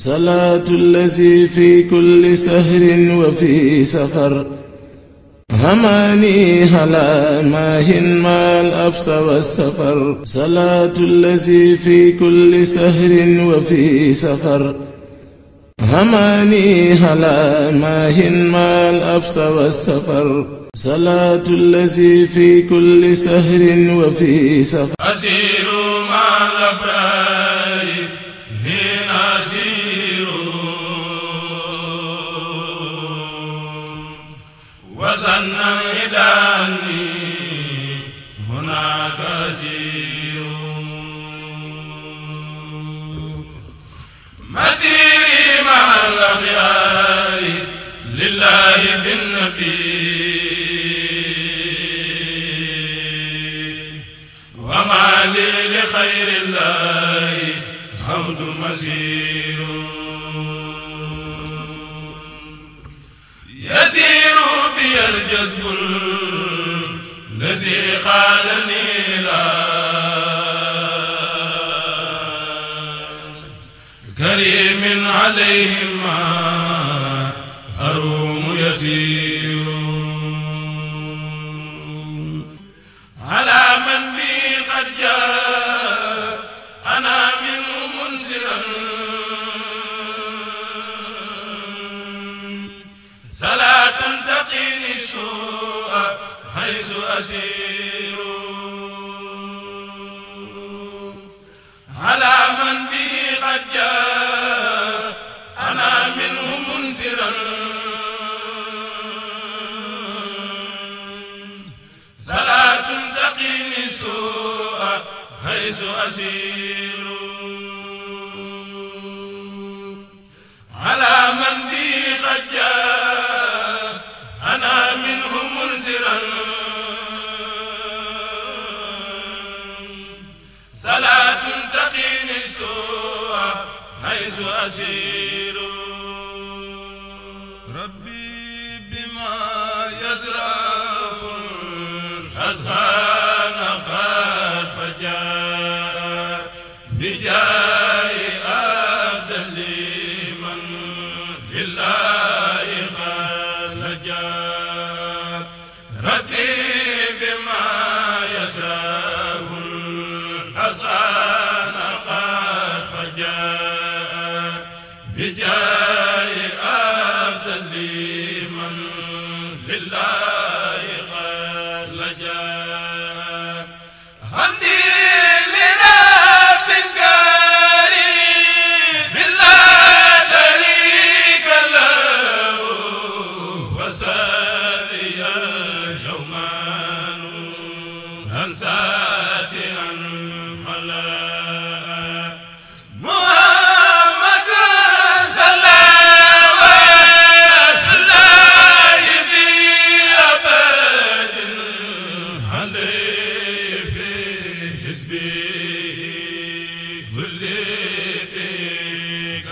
صلاة الذي في كل سهر وفي سفر هماني هلا ماهن ما الأبس والسفر صلاة الذي في كل سهر وفي سفر هماني هلا ماهن ما الأبس والسفر صلاة الذي في كل سهر وفي سفر أسير مع الأبرار وسلم إلاني هنا كثير مسيري مع الأخيار لله بالنبي الجذب الذي خالني لا كريم عليهم حيث أسير على من به قد جاء أنا منه منزرا صلاة تقيني سوء حيث أسير على من به قد جاء صلاة تقيني السوء حيث أسير ربي بما يزرع الأزهار خلف جار بجار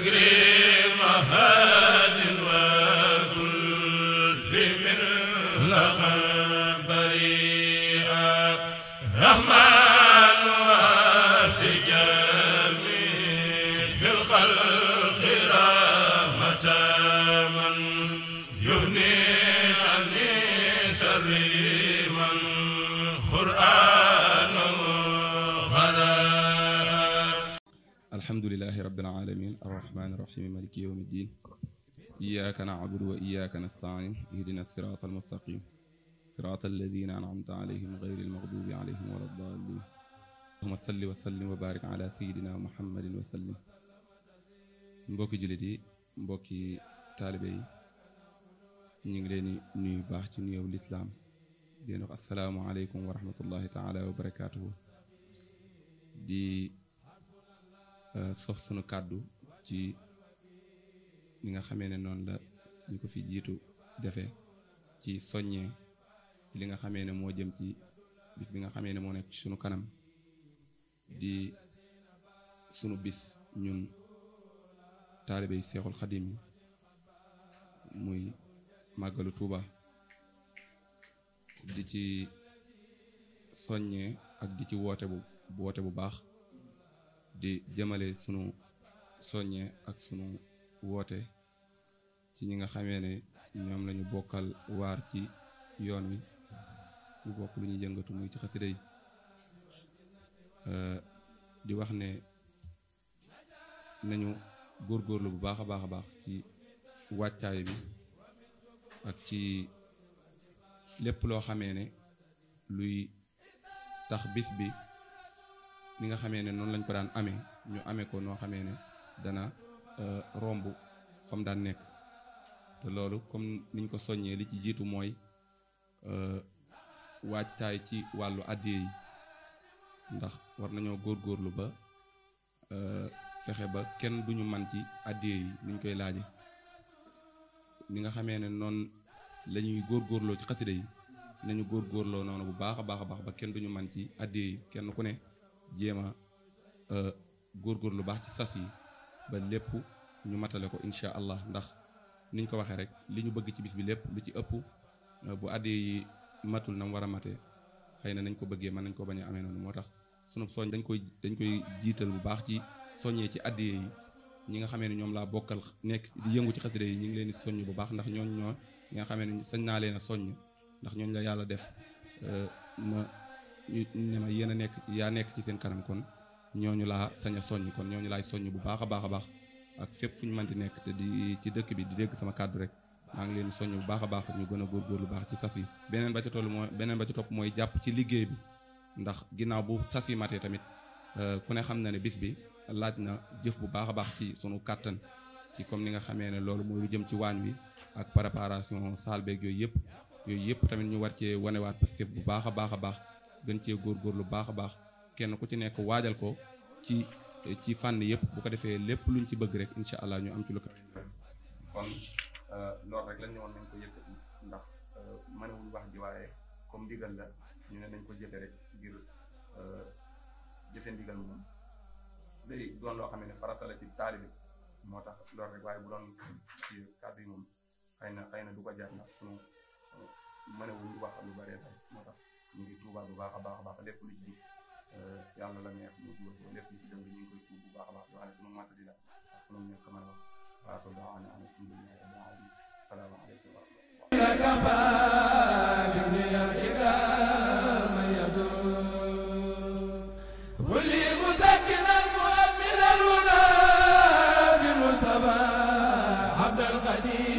Sagre الحمد لله رب العالمين الرحمن الرحيم مالك يوم الدين إياك نعبد وإياك نستعين اهدنا الصراط المستقيم صراط الذين أنعمت عليهم غير المغضوب عليهم ولا الضالين اللهم صل وسلم وبارك على سيدنا محمد وسلم مبوكي جلدي مبوكي طالبي taalibe نوي باخ سي leen di السلام عليكم ورحمه الله تعالى وبركاته دي Euh, sof sunu kàddu ci li nga xamee ne noonu la ñu ko fi jiitu defe ci soññee ci li nga xamee ne moo jëm ci bis bi nga xamee ne moo nekk ci sunu kanam di sunu bis ñun taalibe yi seexul xadim yi muy màggalu Tuuba di ci soññee ak di ci woote bu woote bu baax di jëmale sunu soññe ak sunu woote ci ñi nga xamee ne ñoom lañu bokkal waar ci yoon wi ñu bokk lu ñuy jëngatu muy ci xasida yi euh, di wax ne nañu góor góorlu bu baax a baax a baax ci wàccaay bi ak ci lépp loo xamee ne luy tax bis bi ni nga xamee ne noonu lañ ko daan amee ñu amee ko noo xamee ne dana euh, romb fa daan nekk te loolu comme niñ ko soññee li ci jiitu mooy euh, waajtaay ci wàllu addiya yi ndax war nañoo góor góorgóorlu ba euh, fexe ba kenn duñu man ci addiya yi niñ koy laaje ni nga xamee ne noonu la góor góorgóorloo ci xasida yi nañu góor góorloo noonu bu baax a baax a baax ba kenn duñu man ci addiya yi kenn ku ne jéem a euh, góor lu baax ci sas yi ba lépp ñu matale ko incha allah ndax niñ ko waxee rek li ñu bëgg ci bis bi lépp lu ci ëpp euh, bu addi yi matul na mu war a matee xëy na nañ ko bëggee mën nañ ko bañ amee noonu moo tax sunu soñ dañ koy dañ koy jiital bu baax ci soññee ci addi yi ñi nga xamee ne ñoom laa bokkal nekk di yëngu ci xasida yi ñu ngi leen di soññ bu baax ndax ñooñ ñoo ñi nga xamee ne sañ naa leen a soññ ndax ñooñ la yàlla def euh, ma ñu ne ma yéen a nekk yaa nekk ci seen kanam kon ñooñu laa sañ a soññ kon ñooñu laay soññ bu baax a baax a baax ak fépp fu ñu mën di nekk te di ci dëkk bi di dégg sama kàddu rek maa ngi leen soññ bu baax a baax ñu gën a lu baax ci saf yi beneen ba ca toll mooy beneen ba ca topp jàpp ci liggéey bi ndax ginnaaw bu saf yi matee tamit euh, ku ne xam na ne bis bi laaj na jëf bu baax a baax ci sunu kàttan ci comme ni nga xamee ne loolu mooy lu jëm ci waañ wi ak préparation salle yooyu yëpp yooyu yëpp tamit ñu war cee wanewaat bu baax a baax a baax gën cee góorgóorlu baax a baax kenn ku ci nekk waajal ko ci ci fànn yëpp bu ko defee lépp luñ ci bëgg rek incha allah ñu am ci lu ko kon euh, loolu rek lañ ñëwoon nañ ko yëkkati ndax euh, mënewuñ wax ji waaye comme ndigal la ñu ne nañ ko jëfe rek ngir euh, jëfe ndigal moom day doon loo xam ne farata la ci taalibi moo tax loolu waaye bu doon yi moom na xëy na du ko jaar ndax suñu mënewuñ wax lu bëree moo ñu ngi tuubaat bu baax a baax a baax lépp lu ci di euh, yàlla la neex mu jubal ko lépp lu ci dem ñu ngi koy tuub bu baax a baax yoo xam ne sunu màtt di la ak sunu ñëw xamal wax waato daawaane am alhamdulilah rabbil alamin salaamaaleykum wa rahmatullah عبد القدير